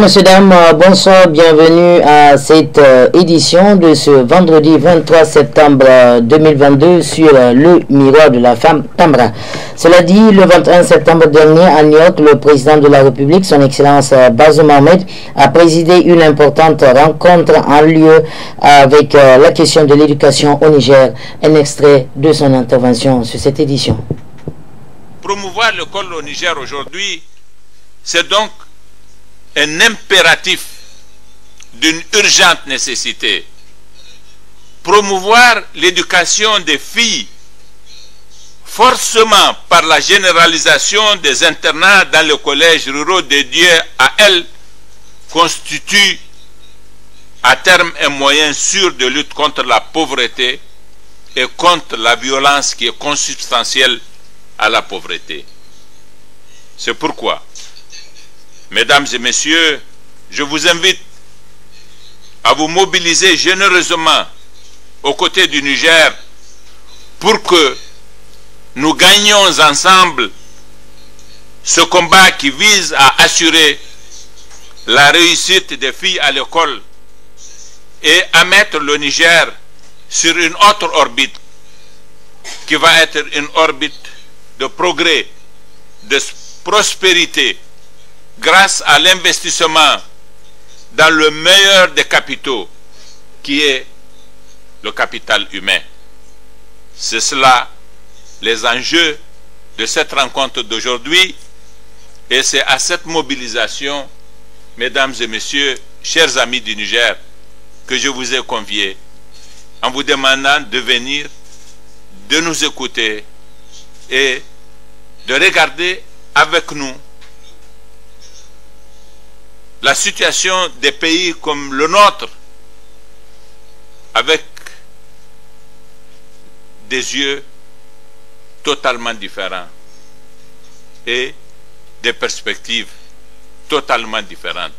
Bonsoir, messieurs, bonsoir, bienvenue à cette euh, édition de ce vendredi 23 septembre 2022 euh, sur euh, le miroir de la femme Tamra Cela dit, le 21 septembre dernier, à New York, le président de la République, son Excellence Bazoum a présidé une importante rencontre en lieu avec la question de l'éducation au Niger. Un extrait de son intervention sur cette édition. Promouvoir l'école au Niger aujourd'hui, c'est donc un impératif d'une urgente nécessité. Promouvoir l'éducation des filles, forcément par la généralisation des internats dans les collèges ruraux dédiés à elles, constitue à terme un moyen sûr de lutte contre la pauvreté et contre la violence qui est consubstantielle à la pauvreté. C'est pourquoi Mesdames et messieurs, je vous invite à vous mobiliser généreusement aux côtés du Niger pour que nous gagnions ensemble ce combat qui vise à assurer la réussite des filles à l'école et à mettre le Niger sur une autre orbite qui va être une orbite de progrès, de prospérité, grâce à l'investissement dans le meilleur des capitaux, qui est le capital humain. C'est cela les enjeux de cette rencontre d'aujourd'hui et c'est à cette mobilisation, mesdames et messieurs, chers amis du Niger, que je vous ai conviés en vous demandant de venir, de nous écouter et de regarder avec nous la situation des pays comme le nôtre avec des yeux totalement différents et des perspectives totalement différentes.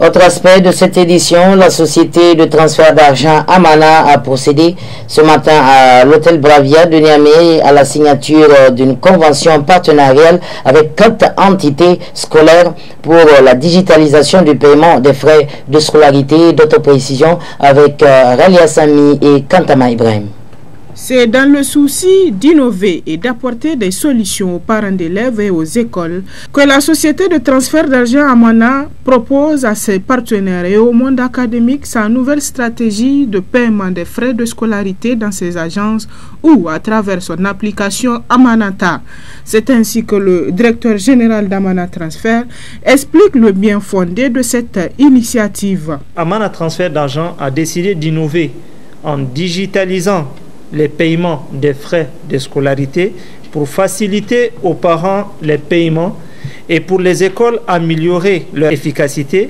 Autre aspect de cette édition, la société de transfert d'argent Amana a procédé ce matin à l'hôtel Bravia de Niamey à la signature d'une convention partenariale avec quatre entités scolaires pour la digitalisation du paiement des frais de scolarité d'autoprécision avec euh, Ralia Sami et Kantama Ibrahim. C'est dans le souci d'innover et d'apporter des solutions aux parents d'élèves et aux écoles que la société de transfert d'argent Amana propose à ses partenaires et au monde académique sa nouvelle stratégie de paiement des frais de scolarité dans ses agences ou à travers son application Amanata. C'est ainsi que le directeur général d'Amana Transfert explique le bien fondé de cette initiative. Amana Transfert d'argent a décidé d'innover en digitalisant les paiements des frais de scolarité, pour faciliter aux parents les paiements et pour les écoles améliorer leur efficacité,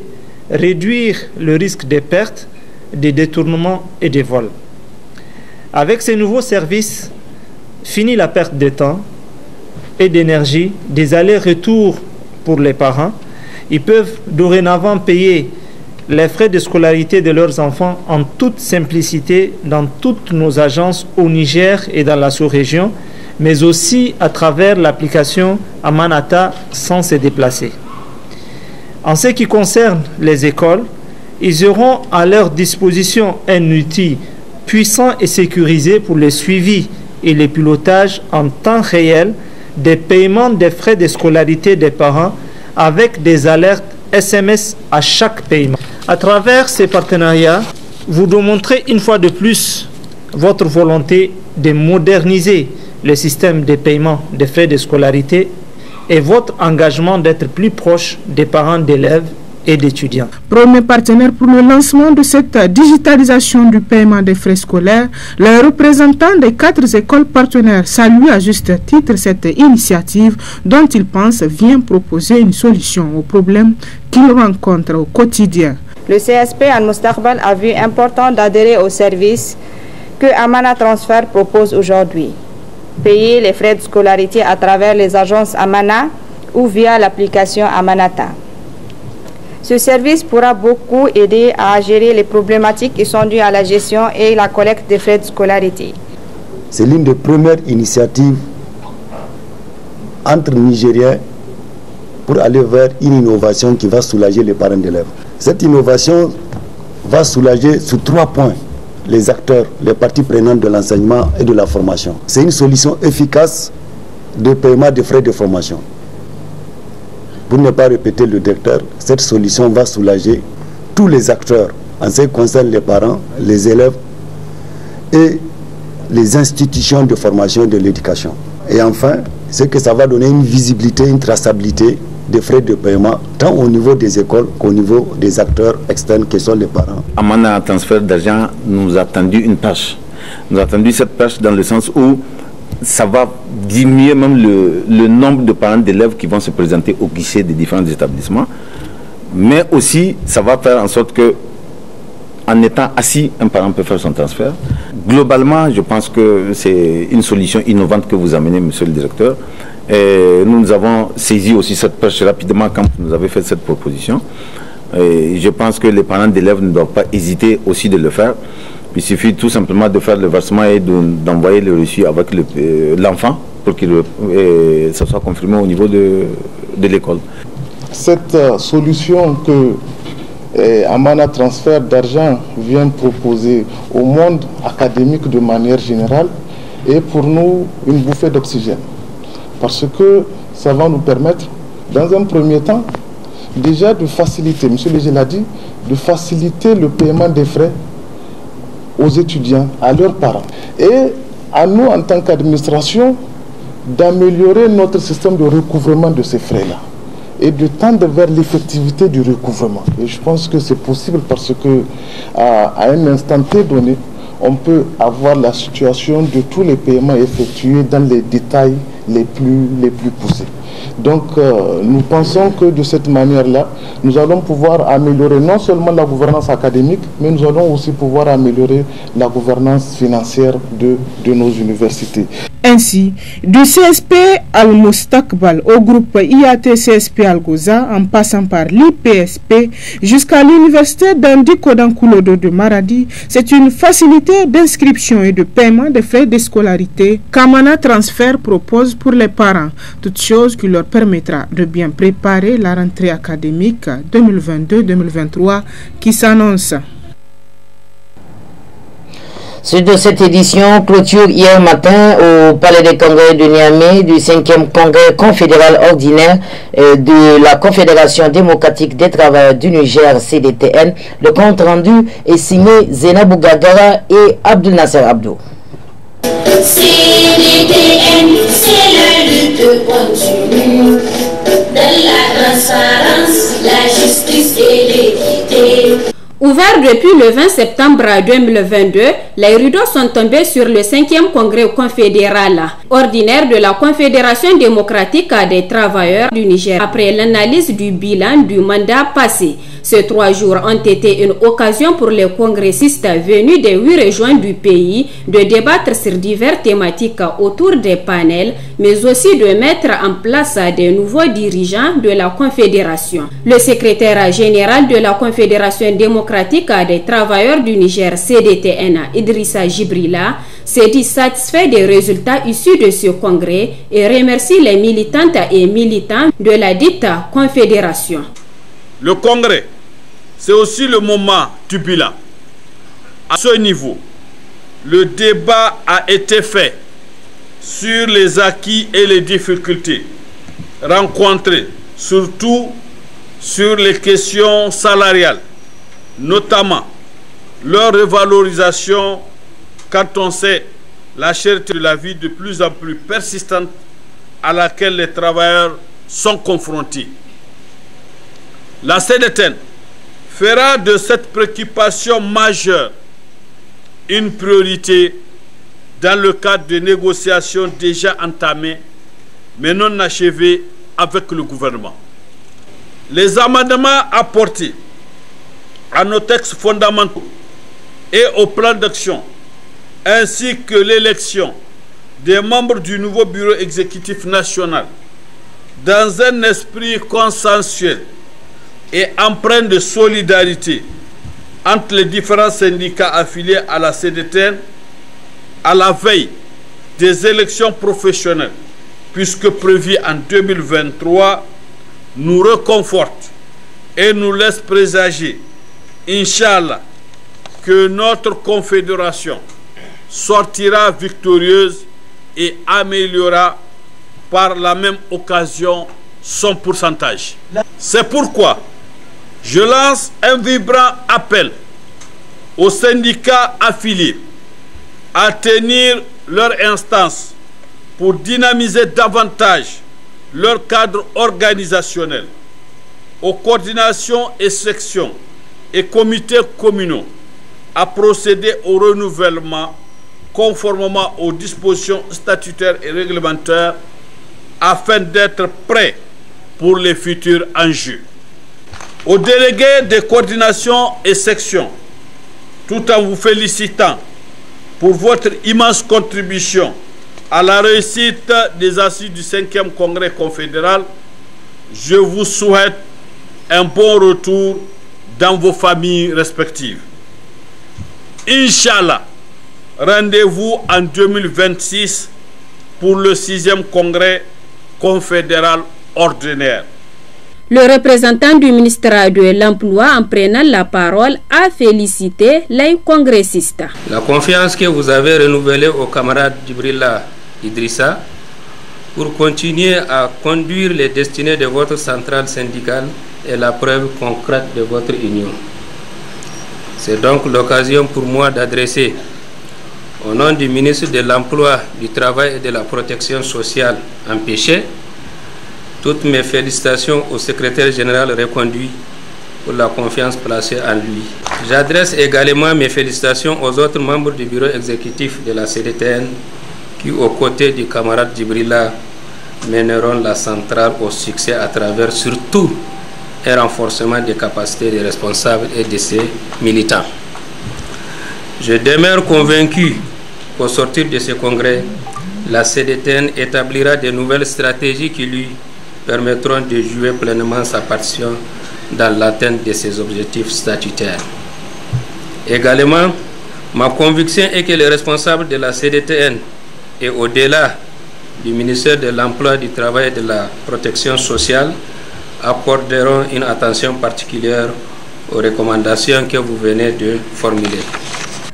réduire le risque de pertes, de détournements et de vols. Avec ces nouveaux services, fini la perte de temps et d'énergie, des allers-retours pour les parents. Ils peuvent dorénavant payer les frais de scolarité de leurs enfants en toute simplicité dans toutes nos agences au Niger et dans la sous-région, mais aussi à travers l'application Amanata sans se déplacer. En ce qui concerne les écoles, ils auront à leur disposition un outil puissant et sécurisé pour le suivi et le pilotage en temps réel des paiements des frais de scolarité des parents avec des alertes SMS à chaque paiement. À travers ces partenariats, vous démontrez une fois de plus votre volonté de moderniser le système de paiement des frais de scolarité et votre engagement d'être plus proche des parents d'élèves et d'étudiants. Premier partenaire pour le lancement de cette digitalisation du paiement des frais scolaires, le représentant des quatre écoles partenaires salue à juste titre cette initiative dont il pense vient proposer une solution aux problèmes qu'ils rencontrent au quotidien le CSP à Mustaqbal a vu important d'adhérer au service que Amana Transfer propose aujourd'hui. Payer les frais de scolarité à travers les agences Amana ou via l'application Amanata. Ce service pourra beaucoup aider à gérer les problématiques qui sont dues à la gestion et la collecte des frais de scolarité. C'est l'une des premières initiatives entre Nigériens pour aller vers une innovation qui va soulager les parents d'élèves. Cette innovation va soulager sous trois points les acteurs, les parties prenantes de l'enseignement et de la formation. C'est une solution efficace de paiement des frais de formation. Pour ne pas répéter le directeur, cette solution va soulager tous les acteurs en ce qui concerne les parents, les élèves et les institutions de formation et de l'éducation. Et enfin, c'est que ça va donner une visibilité, une traçabilité des frais de paiement, tant au niveau des écoles qu'au niveau des acteurs externes que sont les parents. En transfert d'argent, nous a attendu une tâche. Nous a attendu cette tâche dans le sens où ça va diminuer même le, le nombre de parents d'élèves qui vont se présenter au guichet des différents établissements. Mais aussi, ça va faire en sorte que en étant assis, un parent peut faire son transfert. Globalement, je pense que c'est une solution innovante que vous amenez, monsieur le directeur. nous, nous avons saisi aussi cette perche rapidement quand vous nous avez fait cette proposition. je pense que les parents d'élèves ne doivent pas hésiter aussi de le faire. Il suffit tout simplement de faire le versement et d'envoyer le reçu avec euh, l'enfant pour que ça soit confirmé au niveau de, de l'école. Cette euh, solution que et Amana Transfert d'argent vient proposer au monde académique de manière générale et pour nous une bouffée d'oxygène. Parce que ça va nous permettre, dans un premier temps, déjà de faciliter, M. Léger a dit, de faciliter le paiement des frais aux étudiants, à leurs parents. Et à nous, en tant qu'administration, d'améliorer notre système de recouvrement de ces frais-là et de tendre vers l'effectivité du recouvrement. Et je pense que c'est possible parce que à, un instant donné, on peut avoir la situation de tous les paiements effectués dans les détails les plus, les plus poussés. Donc euh, nous pensons que de cette manière-là, nous allons pouvoir améliorer non seulement la gouvernance académique, mais nous allons aussi pouvoir améliorer la gouvernance financière de, de nos universités. Ainsi, du CSP Al Mustaqbal au groupe IAT-CSP Algoza, en passant par l'IPSP jusqu'à l'université d'Andikodankulodo de Maradi, c'est une facilité d'inscription et de paiement des frais de scolarité Kamana Transfer propose pour les parents. Toutes choses qui leur permettra de bien préparer la rentrée académique 2022-2023 qui s'annonce. Suite de cette édition, clôture hier matin au Palais des Congrès de Niamey du 5e Congrès confédéral ordinaire euh, de la Confédération démocratique des travailleurs du Niger, CDTN. Le compte rendu est signé Zéna Gagara et Abdel Nasser Abdou de continuer. De la transparence, la justice et les Ouvert depuis le 20 septembre 2022, les rideaux sont tombés sur le 5e congrès confédéral ordinaire de la Confédération démocratique des travailleurs du Niger. Après l'analyse du bilan du mandat passé, ces trois jours ont été une occasion pour les congressistes venus des huit régions du pays de débattre sur diverses thématiques autour des panels, mais aussi de mettre en place des nouveaux dirigeants de la Confédération. Le secrétaire général de la Confédération démocratique à des travailleurs du Niger CDTNA Idrissa Gibrila, s'est dit satisfait des résultats issus de ce congrès et remercie les militantes et militants de la dite confédération. Le congrès, c'est aussi le moment du bilan. À ce niveau, le débat a été fait sur les acquis et les difficultés rencontrées, surtout sur les questions salariales notamment leur revalorisation quand on sait la cherté de la vie de plus en plus persistante à laquelle les travailleurs sont confrontés. La CDTN fera de cette préoccupation majeure une priorité dans le cadre de négociations déjà entamées mais non achevées avec le gouvernement. Les amendements apportés à nos textes fondamentaux et au plan d'action, ainsi que l'élection des membres du nouveau bureau exécutif national dans un esprit consensuel et empreint de solidarité entre les différents syndicats affiliés à la CDTN à la veille des élections professionnelles, puisque prévues en 2023, nous reconfortent et nous laisse présager Inch'Allah, que notre confédération sortira victorieuse et améliorera par la même occasion son pourcentage. C'est pourquoi je lance un vibrant appel aux syndicats affiliés à tenir leur instance pour dynamiser davantage leur cadre organisationnel aux coordinations et sections et comités communaux à procéder au renouvellement conformément aux dispositions statutaires et réglementaires afin d'être prêts pour les futurs enjeux. Aux délégués de coordination et sections, tout en vous félicitant pour votre immense contribution à la réussite des assises du 5e Congrès confédéral, je vous souhaite un bon retour dans vos familles respectives. Inch'Allah, rendez-vous en 2026 pour le 6e congrès confédéral ordinaire. Le représentant du ministère de l'Emploi, en prenant la parole, a félicité les congressistes. La confiance que vous avez renouvelée au camarade Dibrilla Idrissa pour continuer à conduire les destinées de votre centrale syndicale est la preuve concrète de votre union. C'est donc l'occasion pour moi d'adresser, au nom du ministre de l'Emploi, du Travail et de la Protection sociale empêché, toutes mes félicitations au secrétaire général reconduit pour la confiance placée en lui. J'adresse également mes félicitations aux autres membres du bureau exécutif de la CDTN qui, aux côtés du camarade Djibrila, mèneront la centrale au succès à travers surtout et renforcement des capacités des responsables et de ses militants. Je demeure convaincu qu'au sortir de ce congrès, la CDTN établira de nouvelles stratégies qui lui permettront de jouer pleinement sa partition dans l'atteinte de ses objectifs statutaires. Également, ma conviction est que les responsables de la CDTN et au-delà du ministère de l'Emploi, du Travail et de la Protection sociale apporteront une attention particulière aux recommandations que vous venez de formuler.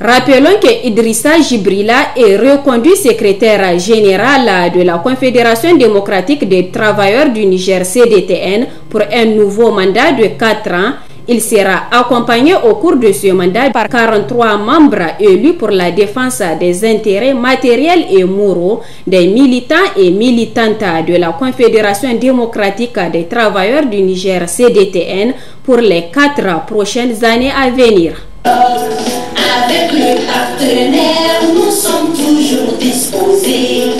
Rappelons que Idrissa Gibrila est reconduit secrétaire général de la Confédération démocratique des travailleurs du Niger CDTN pour un nouveau mandat de 4 ans il sera accompagné au cours de ce mandat par 43 membres élus pour la défense des intérêts matériels et moraux des militants et militantes de la Confédération démocratique des travailleurs du Niger CDTN pour les quatre prochaines années à venir. Avec le partenaire, nous sommes toujours disposés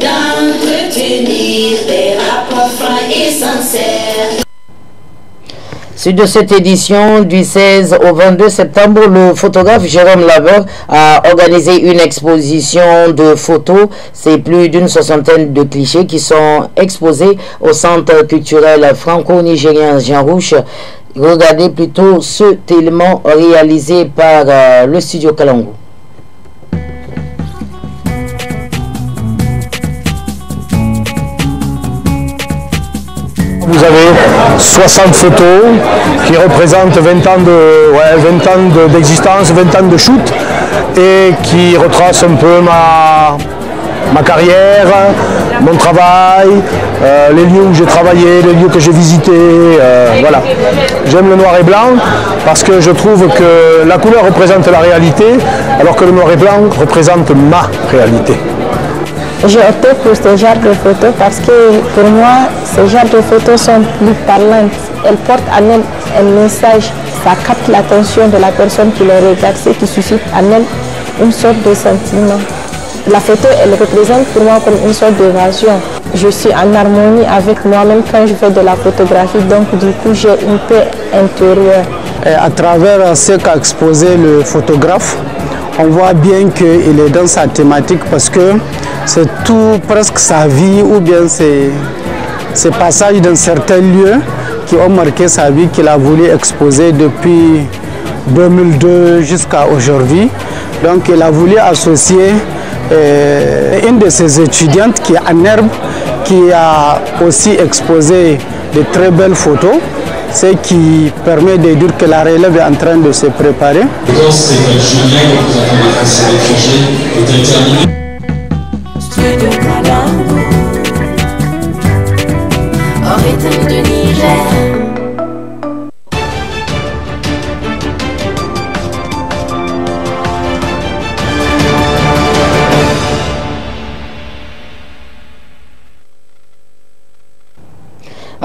d'entretenir des rapports Suite de cette édition, du 16 au 22 septembre, le photographe Jérôme Laveur a organisé une exposition de photos. C'est plus d'une soixantaine de clichés qui sont exposés au Centre culturel franco-nigérien Jean rouche Regardez plutôt ce tellement réalisé par euh, le studio Kalangou. Vous avez 60 photos qui représentent 20 ans de, d'existence, 20 ans de shoot et qui retracent un peu ma, carrière, mon travail, euh, les lieux où j'ai travaillé, les lieux que j'ai visités. Euh, voilà. J'aime le noir et blanc parce que je trouve que la couleur représente la réalité alors que le noir et blanc représente ma réalité. J'ai opté pour ce genre de photos parce que pour moi, ce genre de photos sont plus parlantes. Elles portent en elles un message, ça capte l'attention de la personne qui les regarde, ce qui suscite en elles une sorte de sentiment. La photo, elle représente pour moi comme une sorte d'évasion. Je suis en harmonie avec moi-même quand je fais de la photographie, donc du coup j'ai une paix intérieure. à travers ce qu'a exposé le photographe, on voit bien qu'il est dans sa thématique parce que c'est tout presque sa vie ou bien ses, passages d'un certain lieux qui ont marqué sa vie, qu'il a voulu exposer depuis 2002 jusqu'à aujourd'hui. Donc il a voulu associer euh, une de ses étudiantes qui est en herbe, qui a aussi exposé de très belles photos, ce qui permet de dire que la relève est en train de se préparer. Joe Connor.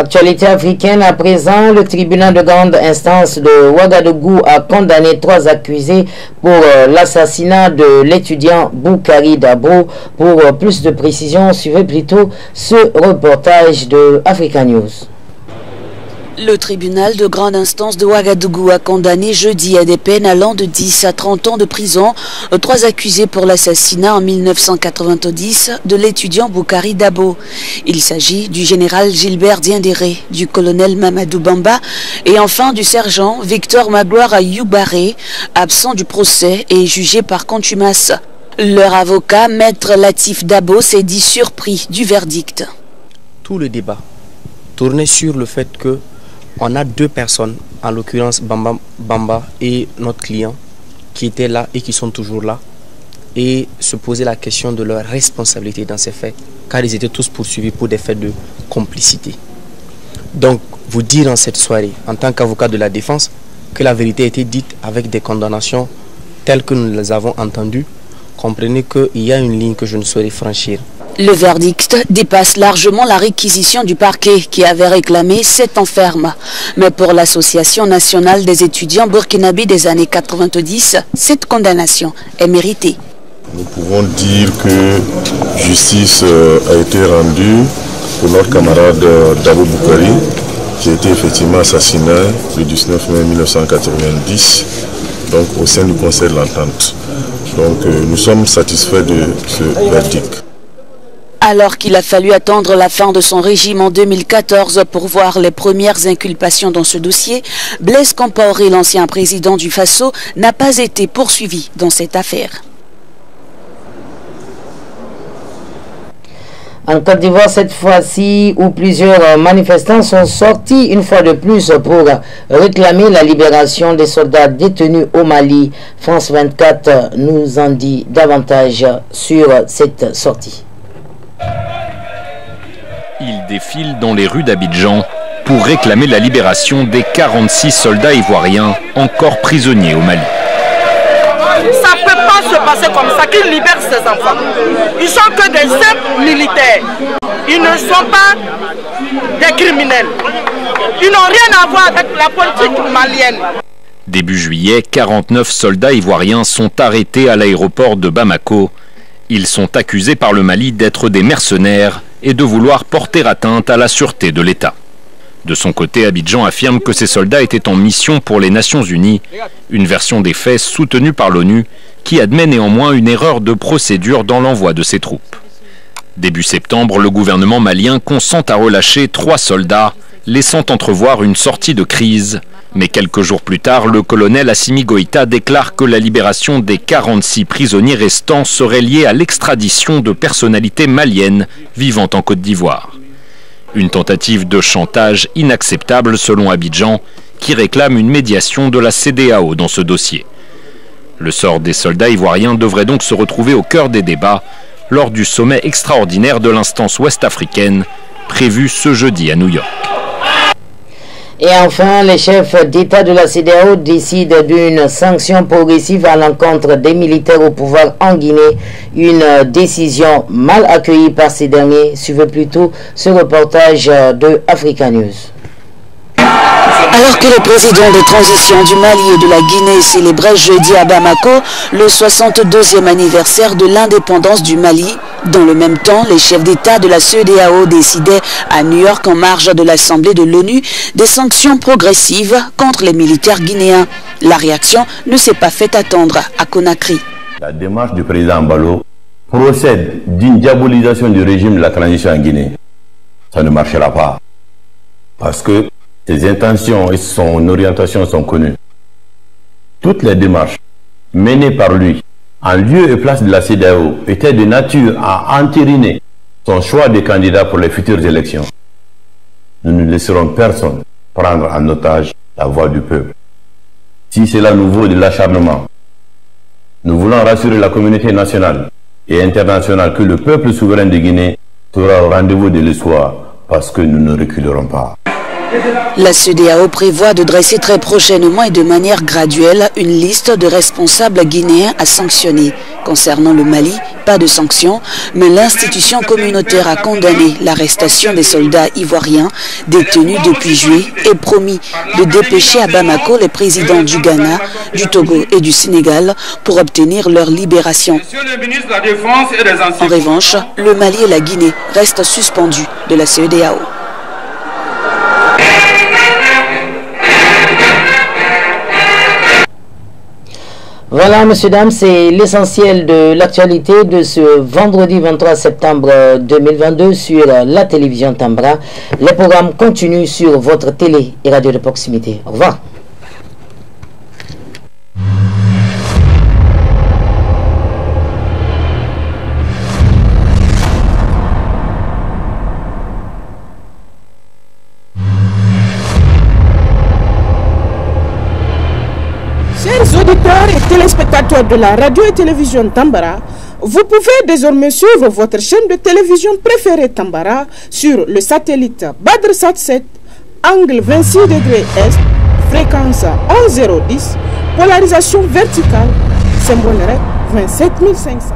Actualité africaine à présent, le tribunal de grande instance de Ouagadougou a condamné trois accusés pour euh, l'assassinat de l'étudiant Boukari Dabo. Pour euh, plus de précisions, suivez plutôt ce reportage de Africa News. Le tribunal de grande instance de Ouagadougou a condamné jeudi à des peines allant de 10 à 30 ans de prison trois accusés pour l'assassinat en 1990 de l'étudiant Boukari Dabo. Il s'agit du général Gilbert Diendéré, du colonel Mamadou Bamba et enfin du sergent Victor Magloire Ayoubaré, absent du procès et jugé par contumace. Leur avocat, maître Latif Dabo, s'est dit surpris du verdict. Tout le débat tournait sur le fait que on a deux personnes, en l'occurrence Bamba, et notre client, qui étaient là et qui sont toujours là, et se poser la question de leur responsabilité dans ces faits, car ils étaient tous poursuivis pour des faits de complicité. Donc, vous dire en cette soirée, en tant qu'avocat de la défense, que la vérité a été dite avec des condamnations telles que nous les avons entendues, comprenez qu'il y a une ligne que je ne saurais franchir. Le verdict dépasse largement la réquisition du parquet qui avait réclamé cette enferme. Mais pour l'Association nationale des étudiants burkinabés des années 90, cette condamnation est méritée. Nous pouvons dire que justice euh, a été rendue pour notre camarade euh, Dabo Boukari qui a été effectivement assassiné le 19 mai 1990 donc au sein du Conseil de l'Entente. Donc euh, nous sommes satisfaits de ce verdict. Alors qu'il a fallu attendre la fin de son régime en 2014 pour voir les premières inculpations dans ce dossier, Blaise Compaoré, l'ancien président du FASO, n'a pas été poursuivi dans cette affaire. En Côte d'Ivoire, cette fois-ci, où plusieurs manifestants sont sortis une fois de plus pour réclamer la libération des soldats détenus au Mali. France 24 nous en dit davantage sur cette sortie. Ils défilent dans les rues d'Abidjan pour réclamer la libération des 46 soldats ivoiriens encore prisonniers au Mali. Ça ne peut pas se passer comme ça, qu'ils libèrent ces enfants. Ils sont que des simples militaires. Ils ne sont pas des criminels. Ils n'ont rien à voir avec la politique malienne. Début juillet, 49 soldats ivoiriens sont arrêtés à l'aéroport de Bamako ils sont accusés par le Mali d'être des mercenaires et de vouloir porter atteinte à la sûreté de l'État. De son côté, Abidjan affirme que ses soldats étaient en mission pour les Nations Unies, une version des faits soutenue par l'ONU, qui admet néanmoins une erreur de procédure dans l'envoi de ses troupes. Début septembre, le gouvernement malien consent à relâcher trois soldats, laissant entrevoir une sortie de crise mais quelques jours plus tard, le colonel Assimi Goïta déclare que la libération des 46 prisonniers restants serait liée à l'extradition de personnalités maliennes vivant en Côte d'Ivoire. Une tentative de chantage inacceptable selon Abidjan, qui réclame une médiation de la CDAO dans ce dossier. Le sort des soldats ivoiriens devrait donc se retrouver au cœur des débats lors du sommet extraordinaire de l'instance ouest-africaine prévu ce jeudi à New York. Et enfin, les chefs d'État de la CDAO décident d'une sanction progressive à l'encontre des militaires au pouvoir en Guinée. Une décision mal accueillie par ces derniers. Suivez plutôt ce reportage de Africa News. Alors que le président de transition du Mali et de la Guinée célébrait jeudi à Bamako le 62e anniversaire de l'indépendance du Mali, dans le même temps, les chefs d'État de la CEDEAO décidaient à New York en marge de l'Assemblée de l'ONU des sanctions progressives contre les militaires guinéens. La réaction ne s'est pas fait attendre à Conakry. La démarche du président Mbalo procède d'une diabolisation du régime de la transition en Guinée. Ça ne marchera pas. Parce que ses intentions et son orientation sont connues. Toutes les démarches menées par lui en lieu et place de la CDAO étaient de nature à entériner son choix de candidat pour les futures élections. Nous ne laisserons personne prendre en otage la voix du peuple. Si cela nous vaut de l'acharnement, nous voulons rassurer la communauté nationale et internationale que le peuple souverain de Guinée sera au rendez-vous de soir parce que nous ne reculerons pas. La CEDEAO prévoit de dresser très prochainement et de manière graduelle une liste de responsables guinéens à sanctionner. Concernant le Mali, pas de sanctions, mais l'institution communautaire a condamné l'arrestation des soldats ivoiriens détenus depuis juillet et promis de dépêcher à Bamako les présidents du Ghana, du Togo et du Sénégal pour obtenir leur libération. En revanche, le Mali et la Guinée restent suspendus de la CEDEAO. Voilà, monsieur, dames, c'est l'essentiel de l'actualité de ce vendredi 23 septembre 2022 sur la télévision Tambra. Les programmes continue sur votre télé et radio de proximité. Au revoir. de la radio et télévision Tambara, vous pouvez désormais suivre votre chaîne de télévision préférée Tambara sur le satellite BadrSat 7, angle 26 degrés Est, fréquence 1010, polarisation verticale, symbole 27500.